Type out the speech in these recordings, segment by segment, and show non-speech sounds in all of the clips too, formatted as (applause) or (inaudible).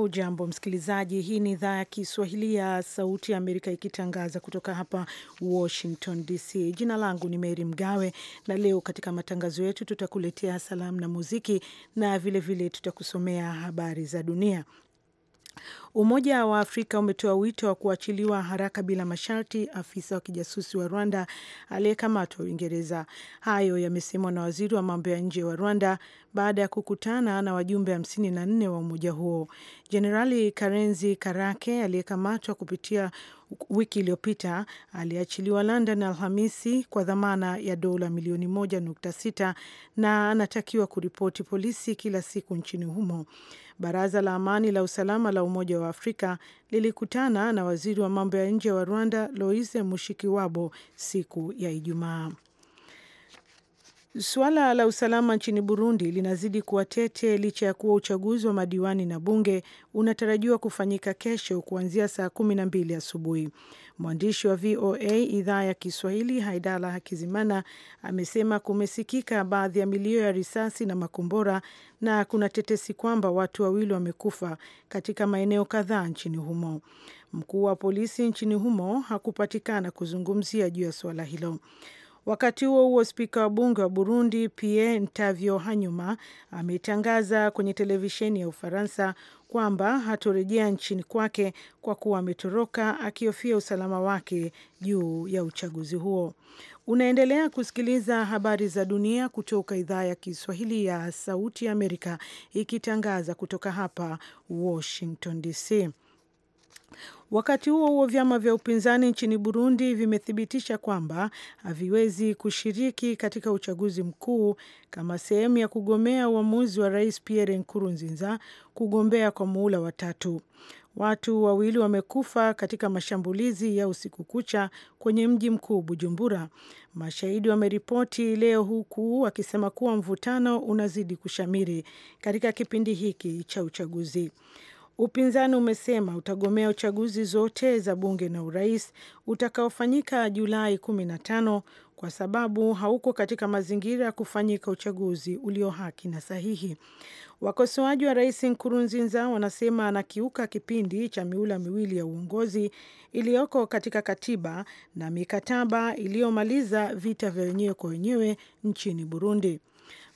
Hujambo msikilizaji, hii ni idhaa ya Kiswahili ya Sauti ya Amerika ikitangaza kutoka hapa Washington DC. Jina langu ni Mary Mgawe na leo katika matangazo yetu tutakuletea salamu na muziki na vilevile vile tutakusomea habari za dunia Umoja wa Afrika umetoa wito wa kuachiliwa haraka bila masharti afisa wa kijasusi wa Rwanda aliyekamatwa Uingereza. Hayo yamesemwa na waziri wa mambo ya nje wa Rwanda baada ya kukutana na wajumbe hamsini na nne wa umoja huo. Jenerali Karenzi Karake aliyekamatwa kupitia wiki iliyopita aliachiliwa London Alhamisi kwa dhamana ya dola milioni moja nukta sita na anatakiwa kuripoti polisi kila siku nchini humo. Baraza la Amani la Usalama la Umoja wa Afrika lilikutana na waziri wa mambo ya nje wa Rwanda loise Mushikiwabo siku ya Ijumaa. Suala la usalama nchini Burundi linazidi kuwa tete licha ya kuwa uchaguzi wa madiwani na bunge unatarajiwa kufanyika kesho kuanzia saa kumi na mbili asubuhi. Mwandishi wa VOA idhaa ya Kiswahili Haidala Hakizimana amesema kumesikika baadhi ya milio ya risasi na makombora na kuna tetesi kwamba watu wawili wamekufa katika maeneo kadhaa nchini humo. Mkuu wa polisi nchini humo hakupatikana kuzungumzia juu ya suala hilo. Wakati huo huo, spika wa bunge wa Burundi Pierre hanyuma ametangaza kwenye televisheni ya Ufaransa kwamba hatorejea nchini kwake kwa kuwa ametoroka akihofia usalama wake juu ya uchaguzi huo. Unaendelea kusikiliza habari za dunia kutoka idhaa ya Kiswahili ya Sauti ya Amerika, ikitangaza kutoka hapa Washington DC. Wakati huo huo, vyama vya upinzani nchini Burundi vimethibitisha kwamba haviwezi kushiriki katika uchaguzi mkuu kama sehemu ya kugomea uamuzi wa Rais Pierre Nkurunziza kugombea kwa muhula wa tatu. Watu wawili wamekufa katika mashambulizi ya usiku kucha kwenye mji mkuu Bujumbura, mashahidi wameripoti leo, huku wakisema kuwa mvutano unazidi kushamiri katika kipindi hiki cha uchaguzi. Upinzani umesema utagomea uchaguzi zote za bunge na urais utakaofanyika Julai 15 kwa sababu hauko katika mazingira ya kufanyika uchaguzi ulio haki na sahihi. Wakosoaji wa rais Nkurunziza wanasema anakiuka kipindi cha miula miwili ya uongozi iliyoko katika katiba na mikataba iliyomaliza vita vya wenyewe kwa wenyewe nchini Burundi.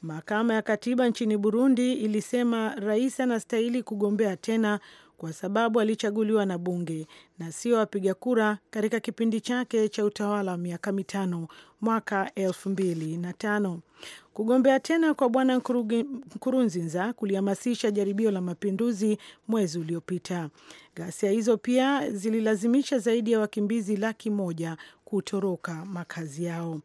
Mahakama ya Katiba nchini Burundi ilisema rais anastahili kugombea tena kwa sababu alichaguliwa na bunge na sio wapiga kura katika kipindi chake cha utawala wa miaka mitano mwaka elfu mbili na tano. Kugombea tena kwa bwana Nkurunziza kulihamasisha jaribio la mapinduzi mwezi uliopita. Ghasia hizo pia zililazimisha zaidi ya wakimbizi laki moja kutoroka makazi yao.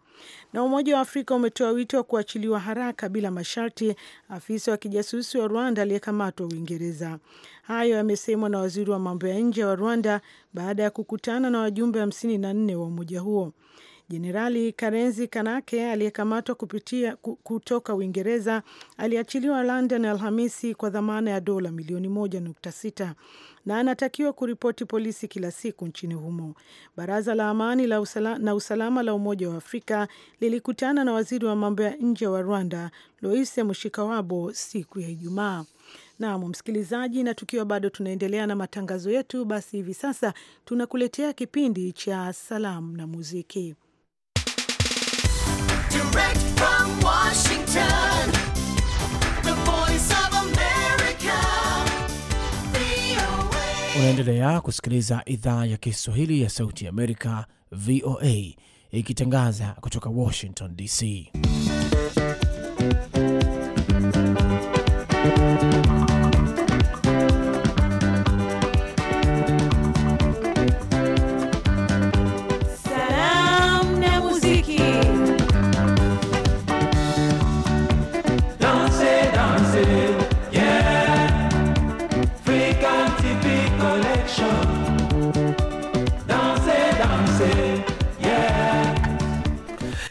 Na Umoja wa Afrika umetoa wito wa kuachiliwa haraka bila masharti afisa wa kijasusi wa Rwanda aliyekamatwa Uingereza. Hayo yamesemwa na waziri wa mambo ya nje wa Rwanda baada ya kukutana na wajumbe hamsini na nne wa umoja huo. Jenerali Karenzi Kanake aliyekamatwa kupitia kutoka Uingereza aliachiliwa London Alhamisi kwa dhamana ya dola milioni 1.6 na anatakiwa kuripoti polisi kila siku nchini humo. Baraza la Amani la usala, na Usalama la Umoja wa Afrika lilikutana na waziri wa mambo ya nje wa Rwanda Loise Mushikawabo siku ya Ijumaa. Naam msikilizaji, na tukiwa bado tunaendelea na matangazo yetu, basi hivi sasa tunakuletea kipindi cha salamu na muziki. Direct from Washington, the voice of America, VOA. Unaendelea kusikiliza idhaa ya Kiswahili ya Sauti ya Amerika, VOA, ikitangaza kutoka Washington DC.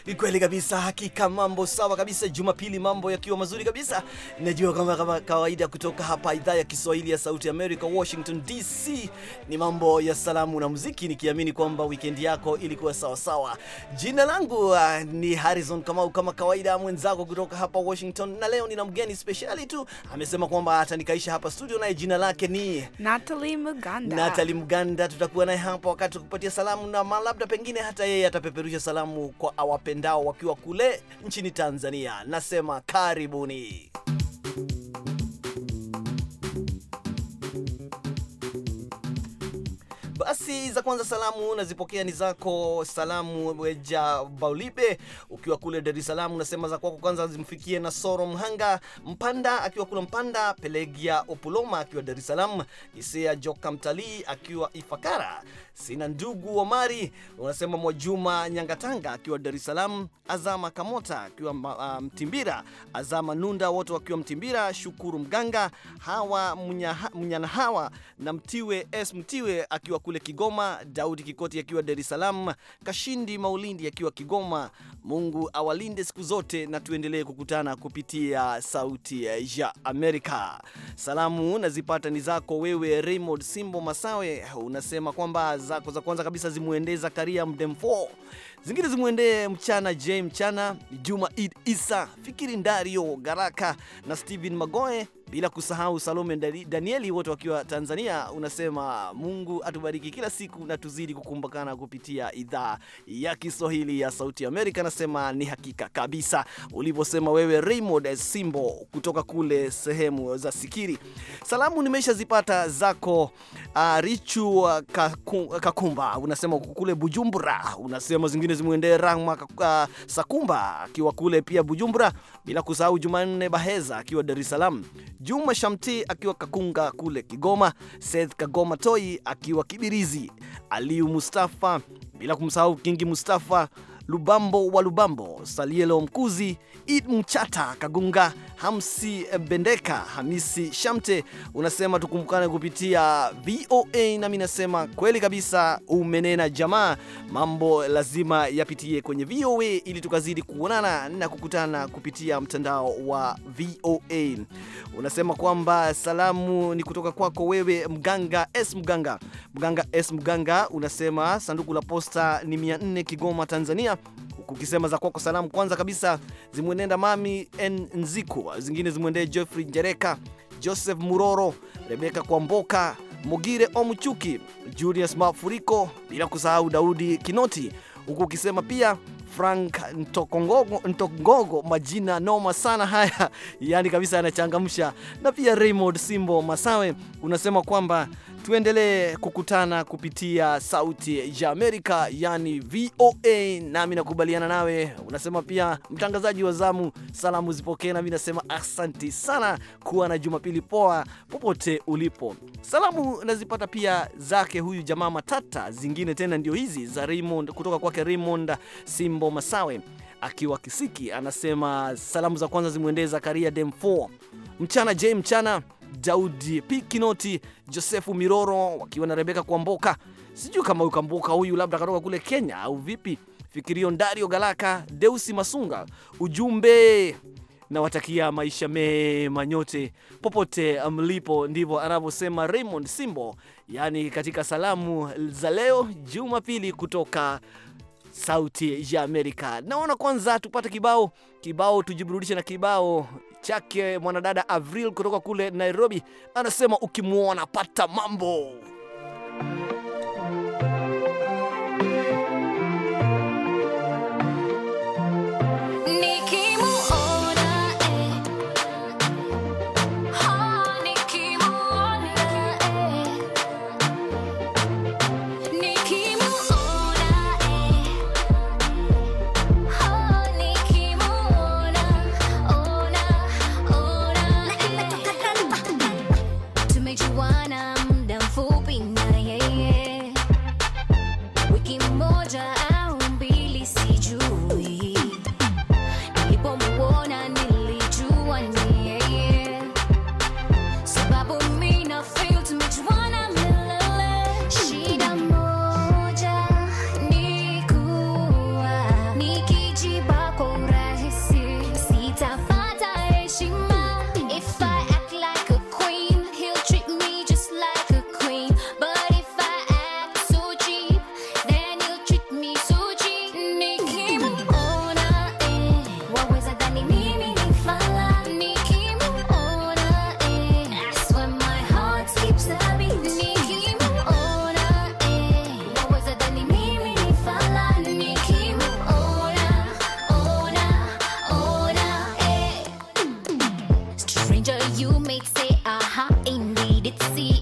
Ni kweli kabisa, hakika mambo sawa kabisa. Jumapili mambo yakiwa mazuri kabisa, najua kwamba kama kawaida kutoka hapa idhaa ya Kiswahili ya Sauti ya Amerika, Washington DC, ni mambo ya salamu na muziki, nikiamini kwamba weekend yako ilikuwa sawa sawa. Jina langu uh, ni Harrison Kamau, kama kawaida mwenzako kutoka hapa Washington, na leo nina mgeni speciali tu, amesema kwamba atanikaisha hapa studio, naye jina lake ni Natalie Muganda. Natalie Muganda tutakuwa naye hapa wakati wa kupatia salamu, na labda pengine hata yeye atapeperusha salamu kwa awapen wapendao wakiwa kule nchini Tanzania. Nasema karibuni. basi za kwanza salamu nazipokea ni zako salamu, Weja Baulibe ukiwa kule Dar es Salaam, unasema za kwako kwanza zimfikie na soro Mhanga Mpanda akiwa kule Mpanda, Pelegia Opuloma akiwa Dar es Salaam, isia Joka Mtalii akiwa Ifakara, sina ndugu Omari unasema Mwajuma Nyangatanga akiwa Dar es Salaam, Azama Kamota akiwa uh, Mtimbira, Azama Nunda wote wakiwa Mtimbira, Shukuru Mganga hawa Mnyanahawa na Mtiwe S Mtiwe akiwa kule Kigoma, Daudi Kikoti akiwa Dar es Salaam, Kashindi Maulindi akiwa Kigoma. Mungu awalinde siku zote na tuendelee kukutana kupitia Sauti ya Amerika. Salamu nazipata ni zako wewe Raymond Simbo Masawe, unasema kwamba zako za kwanza kabisa zimwendee Zakaria Mdemfo, zingine zimwendee Mchana J Mchana, Juma Id Isa, Fikiri Ndario Garaka na Steven Magoe bila kusahau Salome Danieli, wote wakiwa Tanzania. Unasema Mungu atubariki kila siku na tuzidi kukumbukana kupitia idhaa ya Kiswahili ya Sauti Amerika. Nasema ni hakika kabisa ulivyosema wewe, Raymond Simbo kutoka kule sehemu za Sikiri. Salamu nimeshazipata zako uh, Richu uh, Kakumba unasema kule Bujumbura, unasema zingine zimwendee Rahma uh, ah, Sakumba akiwa kule pia Bujumbura, bila kusahau Jumanne Baheza akiwa Dar es Salaam, Juma Shamti akiwa Kakunga kule Kigoma, Seth Kagoma Toi akiwa Kibirizi, Aliu Mustafa bila kumsahau Kingi Mustafa Lubambo wa Lubambo, Salielo Mkuzi, Id Mchata Kagunga, Hamsi Bendeka, Hamisi Shamte. Unasema tukumbukane kupitia VOA, nami nasema kweli kabisa, umenena jamaa. Mambo lazima yapitie kwenye VOA ili tukazidi kuonana na kukutana kupitia mtandao wa VOA. Unasema kwamba salamu ni kutoka kwako wewe Mganga S Mganga, Mganga S Mganga. Unasema sanduku la posta ni 400 Kigoma, Tanzania huku ukisema za kwako salamu. Kwanza kabisa zimwenenda Mami N Nziku, zingine zimwendee Geoffrey Njereka, Joseph Muroro, Rebeka Kwamboka, Mugire Omuchuki, Julius Mafuriko, bila kusahau Daudi Kinoti, huku ukisema pia Frank Ntokongogo, Ntokongogo, majina noma sana haya, (laughs) yani kabisa yanachangamsha. Na pia Raymond Simbo Masawe unasema kwamba tuendelee kukutana kupitia Sauti ya Amerika, yani VOA. Nami nakubaliana nawe, unasema pia mtangazaji wa zamu, salamu zipokee, nami nasema asanti sana, kuwa na jumapili poa popote ulipo. Salamu nazipata pia zake huyu jamaa matata, zingine tena ndio hizi za Raymond, kutoka kwake Raymond Simbo Masawe akiwa Kisiki, anasema salamu za kwanza zimwendee Zakaria 4 mchana j mchana Daudi Pikinoti, Josefu Miroro wakiwa na Rebeka Kwamboka. Sijui kama huyu Kwamboka huyu labda katoka kule Kenya au vipi? Fikirio Ndario Galaka, Deusi Masunga, ujumbe nawatakia maisha mema nyote popote mlipo. Ndivyo anavyosema Raymond Simbo, yaani katika salamu za leo Jumapili kutoka Sauti ya Amerika. Naona kwanza tupate kibao kibao, tujiburudishe na kibao chake mwanadada Avril kutoka kule Nairobi anasema ukimwona pata mambo. could see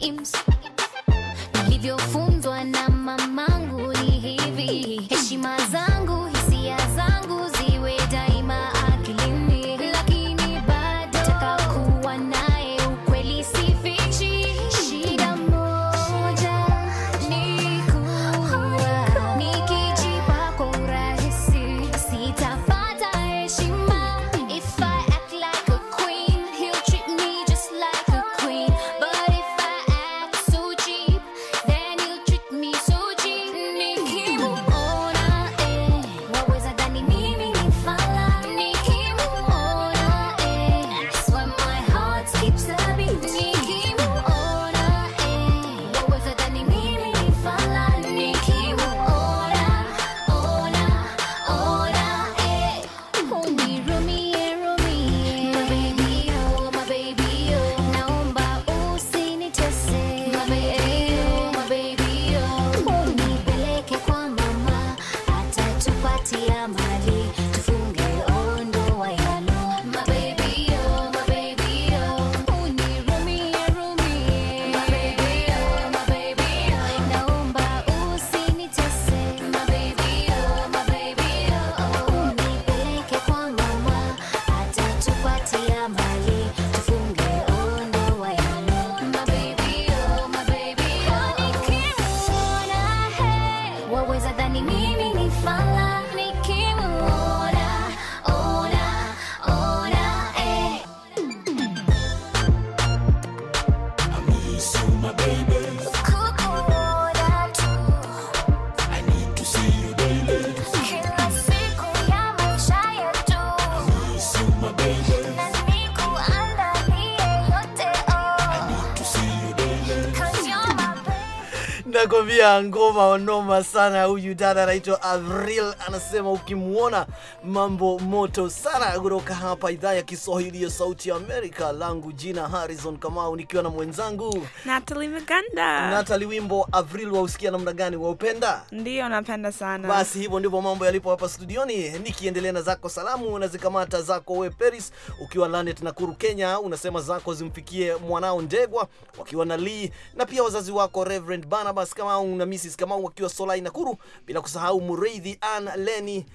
nakwambia ngoma noma sana. Huyu dada anaitwa Avril, anasema ukimwona mambo moto sana, kutoka hapa idhaa ya Kiswahili ya Sauti ya Amerika. Langu jina Harrison Kamau, nikiwa na mwenzangu Natalie Maganda. Natalie, wimbo Avril wausikia namna gani? Waupenda? Ndio, napenda sana. Basi hivyo ndivyo mambo yalipo hapa studioni, nikiendelea na zako salamu na zikamata zako. We Paris ukiwa Lanet Nakuru, Kenya, unasema zako zimfikie mwanao Ndegwa wakiwa na Lee na pia wazazi wako Reverend Barnabas Thomas Kamau na Mrs Kamau wakiwa Solai Nakuru, bila kusahau Mureithi Ann Leni,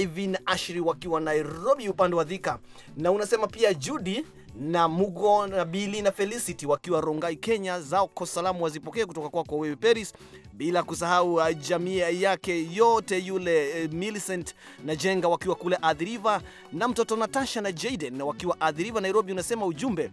Ivin Ashri wakiwa Nairobi upande wa Thika, na unasema pia Judy na Mugo na Billy na Felicity wakiwa Rongai Kenya, zao kwa salamu wazipokee kutoka kwako kwa wewe Paris, bila kusahau uh, jamii yake yote yule uh, Millicent na Jenga wakiwa kule Adhiriva, na mtoto Natasha na Jaden wakiwa Adhiriva Nairobi. Unasema ujumbe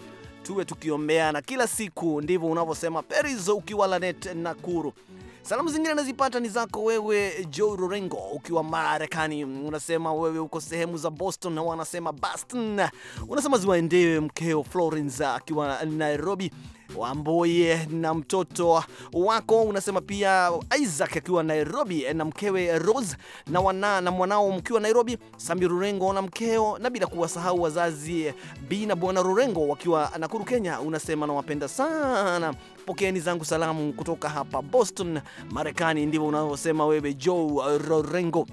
tuwe tukiombeana kila siku, ndivyo unavyosema Perizo ukiwa Lanet Nakuru. Salamu zingine nazipata ni zako wewe Joe Rorengo ukiwa Marekani, unasema wewe uko sehemu za Boston na wanasema Boston, unasema ziwaendewe mkeo Florence akiwa Nairobi, wamboye na mtoto wako unasema pia Isaac akiwa Nairobi eh, na mkewe Rose na wana na mwanao mkiwa Nairobi, sami Rurengo na mkeo, na bila kuwasahau wazazi eh, Bi na Bwana Rurengo wakiwa Nakuru, Kenya. Unasema nawapenda sana, pokeeni zangu salamu kutoka hapa Boston, Marekani. Ndivyo unavyosema wewe Joe Rurengo.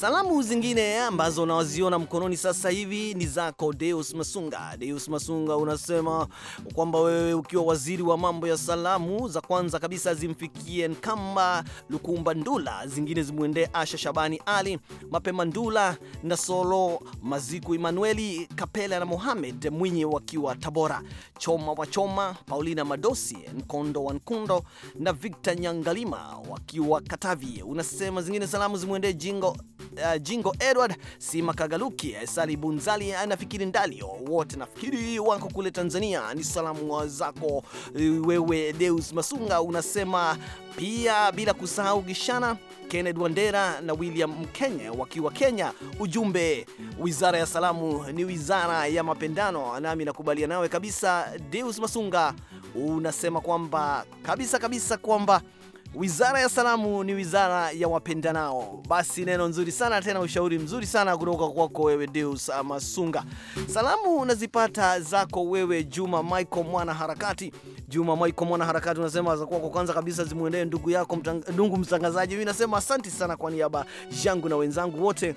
Salamu zingine ambazo unaziona mkononi sasa hivi ni zako Deus Masunga. Deus Masunga unasema kwamba wewe ukiwa waziri wa mambo ya salamu, za kwanza kabisa zimfikie Nkamba Lukumba Ndula, zingine zimwendee Asha Shabani Ali, Mapema Ndula na Solo Maziku, Emanueli Kapela na Mohamed Mwinyi wakiwa Tabora, Choma wa Choma, Paulina Madosi, Nkondo wa Nkundo na Victor Nyangalima wakiwa Katavi. Unasema zingine salamu zimwendee Jingo uh, Jingo Edward Sima Kagaluki, eh, Sali Bunzali anafikiri eh, Ndalio, oh, wote nafikiri wako kule Tanzania. Ni salamu zako eh, wewe Deus Masunga, unasema pia bila kusahau Gishana Kenneth Wandera na William mkenye wakiwa Kenya. Ujumbe, wizara ya salamu ni wizara ya mapendano, nami nakubalia nawe kabisa. Deus Masunga unasema kwamba kabisa kabisa kwamba Wizara ya salamu ni wizara ya wapendanao. Basi neno nzuri sana tena, ushauri mzuri sana kutoka kwako wewe Deus Masunga. Salamu unazipata zako wewe Juma Michael mwana harakati. Juma Michael mwana harakati unasema za kwako kwanza kabisa zimuendee ndugu yako ndugu mtangazaji. Mimi nasema asante sana kwa niaba yangu na wenzangu wote.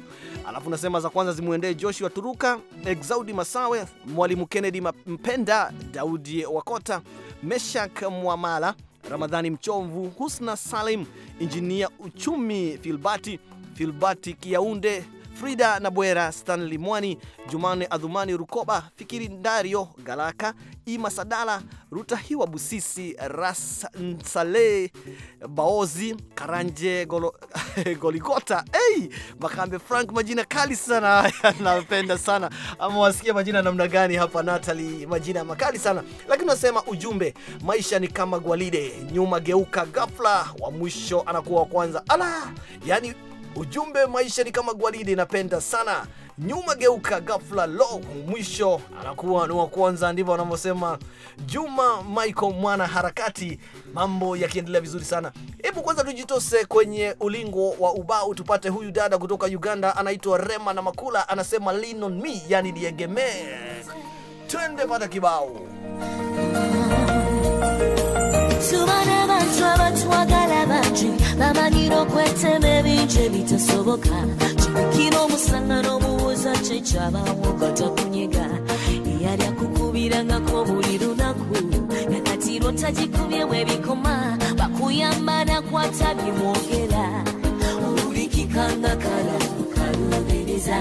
Alafu unasema za kwanza zimuendee Joshua Turuka, Exaudi Masawe, Mwalimu Kennedy Mpenda, Daudi Wakota, Meshak Mwamala Ramadhani Mchomvu, Husna Salim, Injinia Uchumi Filbati Filbati Kiaunde Frida Nabwera, Stanley Mwani, Jumane Adhumani Rukoba, Fikiri Ndario Galaka, Ima Sadala, Rutahiwa Busisi, Ras Nsale, Baozi Karanje Golo, (laughs) Goligota, hey, Makambe Frank, majina kali sana (laughs) napenda sana wasikia majina namna gani hapa Natalie, majina makali sana lakini unasema ujumbe, maisha ni kama gwalide, nyuma geuka ghafla, wa mwisho anakuwa wa kwanza. Ala, yani Ujumbe maisha ni kama gwaride, napenda sana nyuma geuka, ghafla lo, mwisho anakuwa ni wa kwanza. Ndivyo wanavyosema Juma Michael, mwana harakati. Mambo yakiendelea vizuri sana. Hebu kwanza tujitose kwenye ulingo wa ubao, tupate huyu dada kutoka Uganda, anaitwa Rema na Makula, anasema lean on me, yani niegemee. Twende pata kibao ngi bamanyiro kweteme binji ebitasoboka kibikira omusangano omubuuza kyekyabaawo gatakunyega eyali akukubirangako buli lunaku nakatirwa tagikubyemu ebikoma bakuyamba nakwata bimwogera obuli kikanga kala kukalubiriza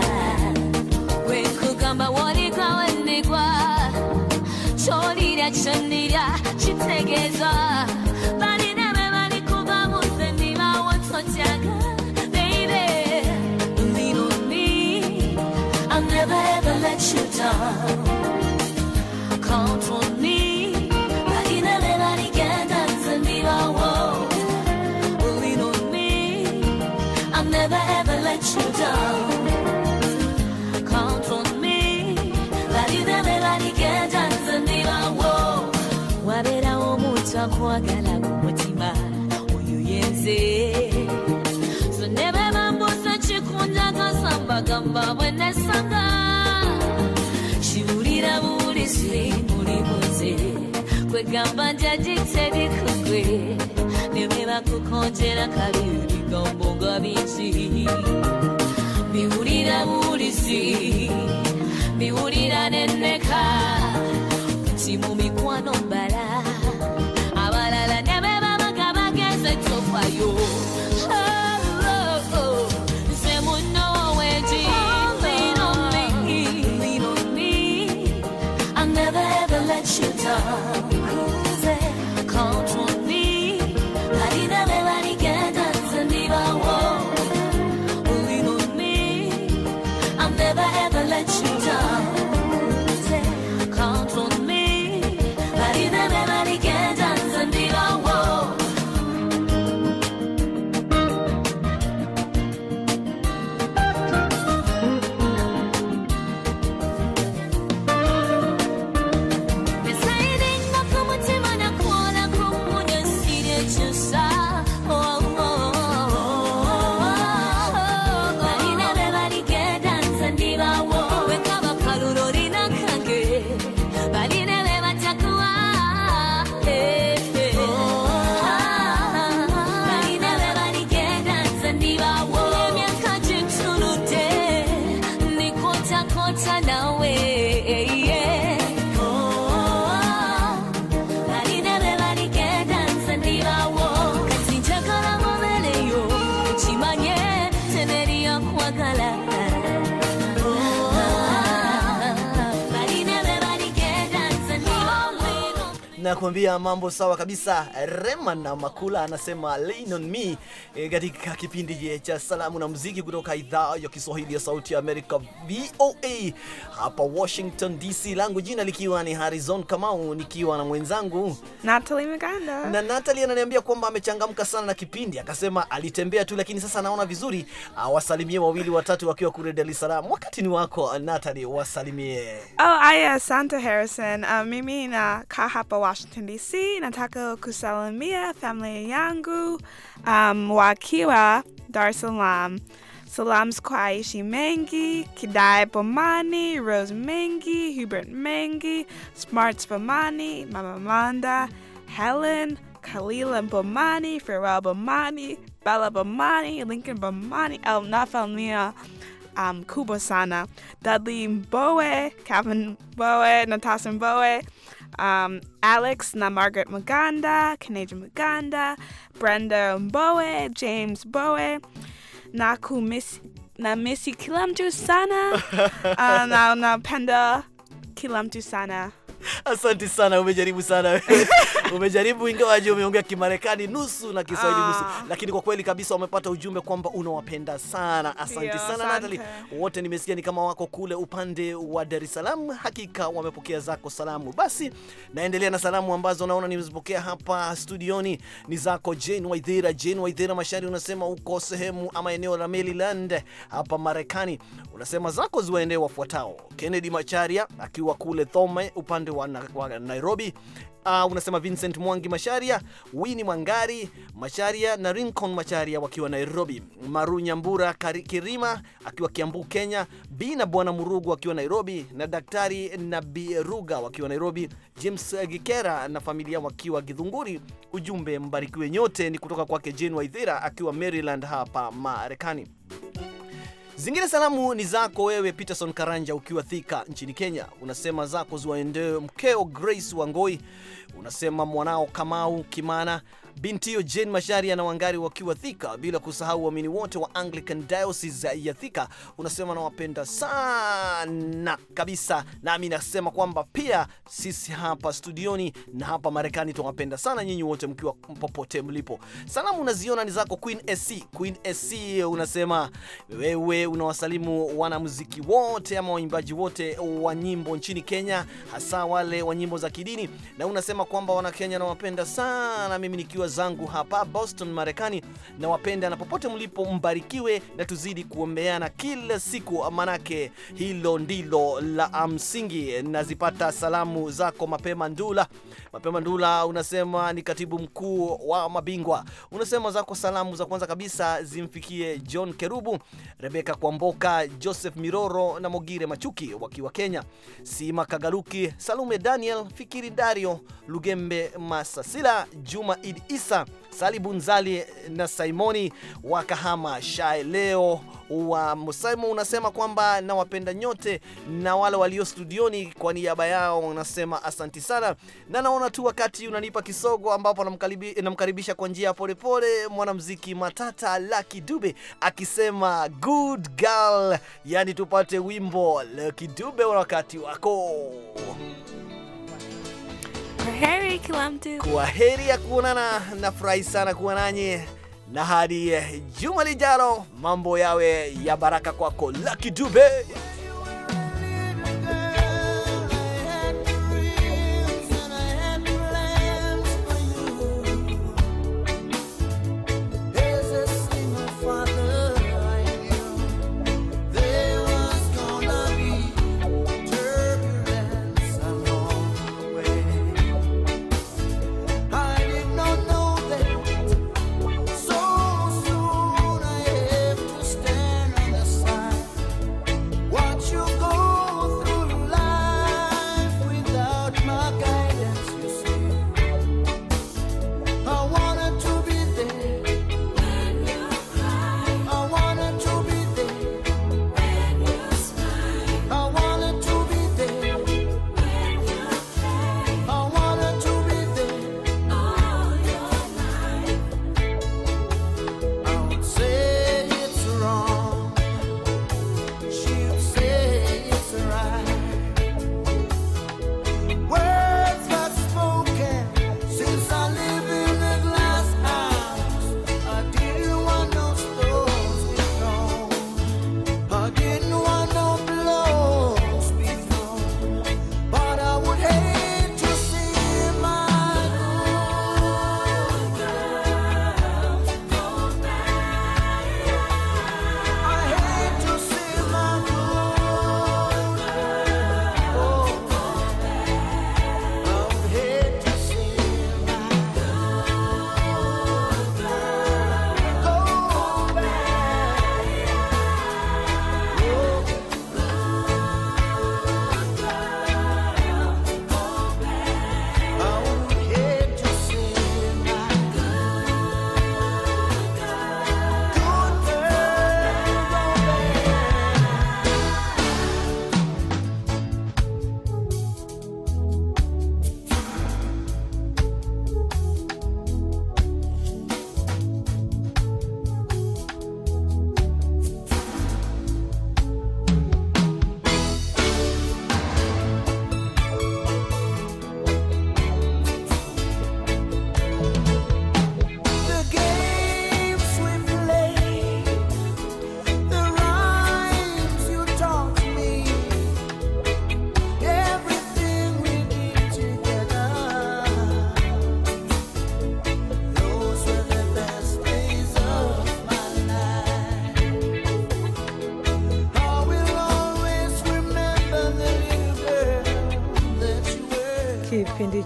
wekugamba wolikawendigwa kyolira kyonira kitegeeza Baby, lean on me. I'll never ever let you down. gamba bwenasaga kiwulira buwulizi mulibuze kwegamba njagiterikugwe nemwe bakukonjera kali bigambo nga bingi biwulira buwulizi biwulira neneka anakuambia mambo sawa kabisa. Rema na Makula anasema lean on me e, katika kipindi cha salamu na muziki kutoka idhaa ya Kiswahili ya Sauti ya Amerika VOA hapa Washington DC, langu jina likiwa ni Harrison Kamau, nikiwa na mwenzangu Natalie Mganda. Na Natalie ananiambia kwamba amechangamka sana na kipindi, akasema alitembea tu, lakini sasa anaona vizuri. Awasalimie wawili watatu wakiwa kule Dar es Salaam. Wakati ni wako Natalie, wasalimie. Oh, aya, asante Harrison. Uh, mimi na kaa hapa Washington Washington DC, Natako Kusalamia, Family Yangu, um, Wakiwa, Dar salam, Salam's Kwaishi Mengi, Kidai Bomani, Rose Mengi, Hubert Mengi, Smarts Bomani, Mama Manda, Helen, Khalila Bomani, Farewell Bomani, Bella Bomani, Lincoln Bomani, El Nafalmia, um, Kubosana, Dudley Bowe, Kevin Bowe, Natasha Bowe, um, Alex na Margaret Muganda, Canadian Muganda, Brenda Mbowe, James Bowe, Naku Miss na Missy Kilamtu Sana, (laughs) uh, na, na Penda Kilamtu Sana. (laughs) Asante sana, umejaribu sana (laughs) umejaribu, ingawaje umeongea Kimarekani nusu na Kiswahili nusu, ah. lakini kwa kweli kabisa wamepata ujumbe kwamba unawapenda sana. Asante sana Natalie, wote nimesikia ni kama wako kule upande wa Dar es Salaam. Hakika wamepokea zako salamu. Basi naendelea na salamu ambazo naona nimezipokea hapa studioni. Ni zako Jane Waithera. Jane Waithera Mashari, unasema uko sehemu ama eneo la Maryland hapa Marekani. Unasema zako ziwaendee wafuatao: Kennedy Macharia akiwa kule Thome upande upande wa, na, wa Nairobi. Uh, unasema Vincent Mwangi masharia wini Mwangari masharia na Rincon masharia wakiwa Nairobi, Maru Nyambura Kirima akiwa Kiambu, Kenya, Bi na Bwana Murugu akiwa Nairobi, na Daktari na Ruga wakiwa Nairobi, James Gikera na familia wakiwa Githunguri. Ujumbe mbarikiwe nyote ni kutoka kwake Jane Waithira akiwa Maryland hapa Marekani. Zingine salamu ni zako wewe Peterson Karanja ukiwa Thika nchini Kenya, unasema zako ziwaendee mkeo Grace Wangoi, unasema mwanao Kamau Kimana, Bintio Jane mashari na Wangari wakiwa Thika, bila kusahau waamini wote wa Anglican Diocese ya Thika. Unasema nawapenda sana kabisa, nami nasema kwamba pia sisi hapa studioni na hapa Marekani tunawapenda sana nyinyi wote mkiwa popote mlipo. Salamu unaziona ni zako Queen SC. Queen SC unasema wewe unawasalimu wanamuziki wote ama waimbaji wote wa nyimbo nchini Kenya, hasa wale wa nyimbo za kidini, na unasema kwamba Wanakenya nawapenda sana mimi nikiwa zangu hapa Boston, Marekani, na wapenda na popote mlipo, mbarikiwe na tuzidi kuombeana kila siku, manake hilo ndilo la msingi. Nazipata salamu zako mapema Ndula Mapema Ndula unasema ni katibu mkuu wa mabingwa, unasema zako salamu za kwanza kabisa zimfikie John Kerubu, Rebeka Kwamboka, Joseph Miroro na Mogire Machuki wakiwa Kenya, Sima Kagaruki, Salume Daniel, Fikiri Dario, Lugembe Masasila, Juma Idi Isa, Salibunzali na Simoni wa Kahama Shae leo wa Musaimo unasema kwamba nawapenda nyote, na wale walio studioni kwa niaba yao unasema asanti sana, na naona tu wakati unanipa kisogo, ambapo namkaribisha kwa njia ya polepole mwanamuziki Matata Lucky Dube akisema good girl, yani tupate wimbo Lucky Dube, wakati wako kwa heri ya kuonana. Nafurahi sana kuwa nanye na hadi juma lijalo, mambo yawe ya baraka kwako Lucky Dube.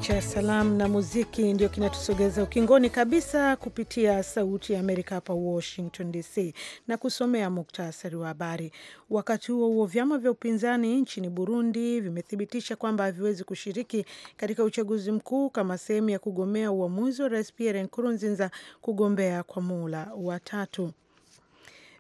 cha salamu na muziki ndio kinatusogeza ukingoni kabisa kupitia Sauti ya Amerika hapa Washington DC na kusomea muktasari wa habari. Wakati huo huo, vyama vya upinzani nchini Burundi vimethibitisha kwamba haviwezi kushiriki katika uchaguzi mkuu kama sehemu ya kugomea uamuzi wa Rais Pierre Nkurunziza kugombea kwa muhula wa tatu.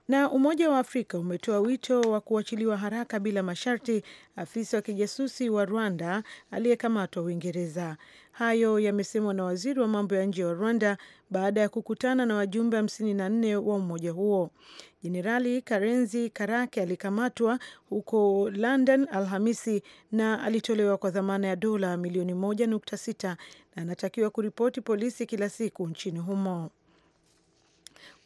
Na Umoja wa Afrika umetoa wito wa kuachiliwa haraka bila masharti afisa wa kijasusi wa Rwanda aliyekamatwa Uingereza. Hayo yamesemwa na waziri wa mambo ya nje wa Rwanda baada ya kukutana na wajumbe nne wa umoja huo. Jenerali Karenzi Karake alikamatwa huko London Alhamisi na alitolewa kwa dhamana ya dola milioni sita na anatakiwa kuripoti polisi kila siku nchini humo.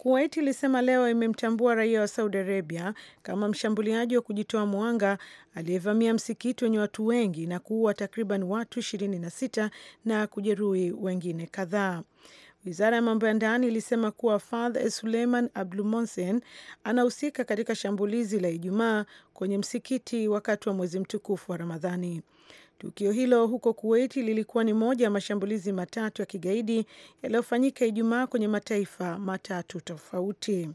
Kuwait ilisema leo imemtambua raia wa Saudi Arabia kama mshambuliaji wa kujitoa mwanga aliyevamia msikiti wenye watu wengi na kuua takriban watu 26 na kujeruhi wengine kadhaa. Wizara ya mambo ya ndani ilisema kuwa Fadh Suleiman Monsen anahusika katika shambulizi la Ijumaa kwenye msikiti wakati wa mwezi mtukufu wa Ramadhani. Tukio hilo huko Kuwait lilikuwa ni moja ya mashambulizi matatu ya kigaidi yaliyofanyika Ijumaa kwenye mataifa matatu tofauti.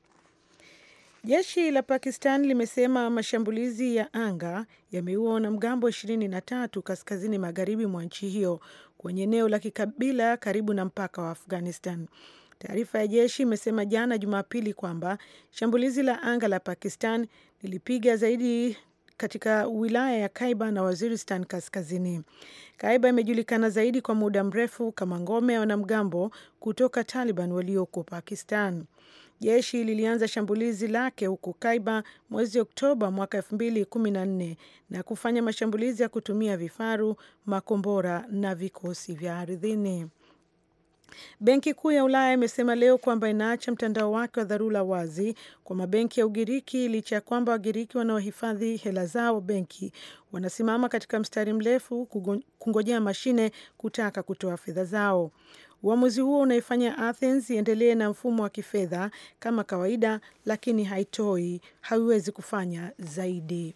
Jeshi la Pakistan limesema mashambulizi ya anga yameua wanamgambo ishirini na tatu kaskazini magharibi mwa nchi hiyo kwenye eneo la kikabila karibu na mpaka wa Afghanistan. Taarifa ya jeshi imesema jana Jumapili kwamba shambulizi la anga la Pakistan lilipiga zaidi katika wilaya ya Kaiba na Waziristan Kaskazini. Kaiba imejulikana zaidi kwa muda mrefu kama ngome ya wanamgambo kutoka Taliban walioko Pakistan. Jeshi lilianza shambulizi lake huko Kaiba mwezi Oktoba mwaka nne na kufanya mashambulizi ya kutumia vifaru, makombora na vikosi vya ardhini. Benki Kuu ya Ulaya imesema leo kwamba inaacha mtandao wake wa dharura wazi kwa mabenki ya Ugiriki licha ya kwamba Wagiriki wanaohifadhi hela zao benki wanasimama katika mstari mrefu kungojea mashine kutaka kutoa fedha zao. Uamuzi huo unaifanya Athens iendelee na mfumo wa kifedha kama kawaida, lakini haitoi, haiwezi kufanya zaidi.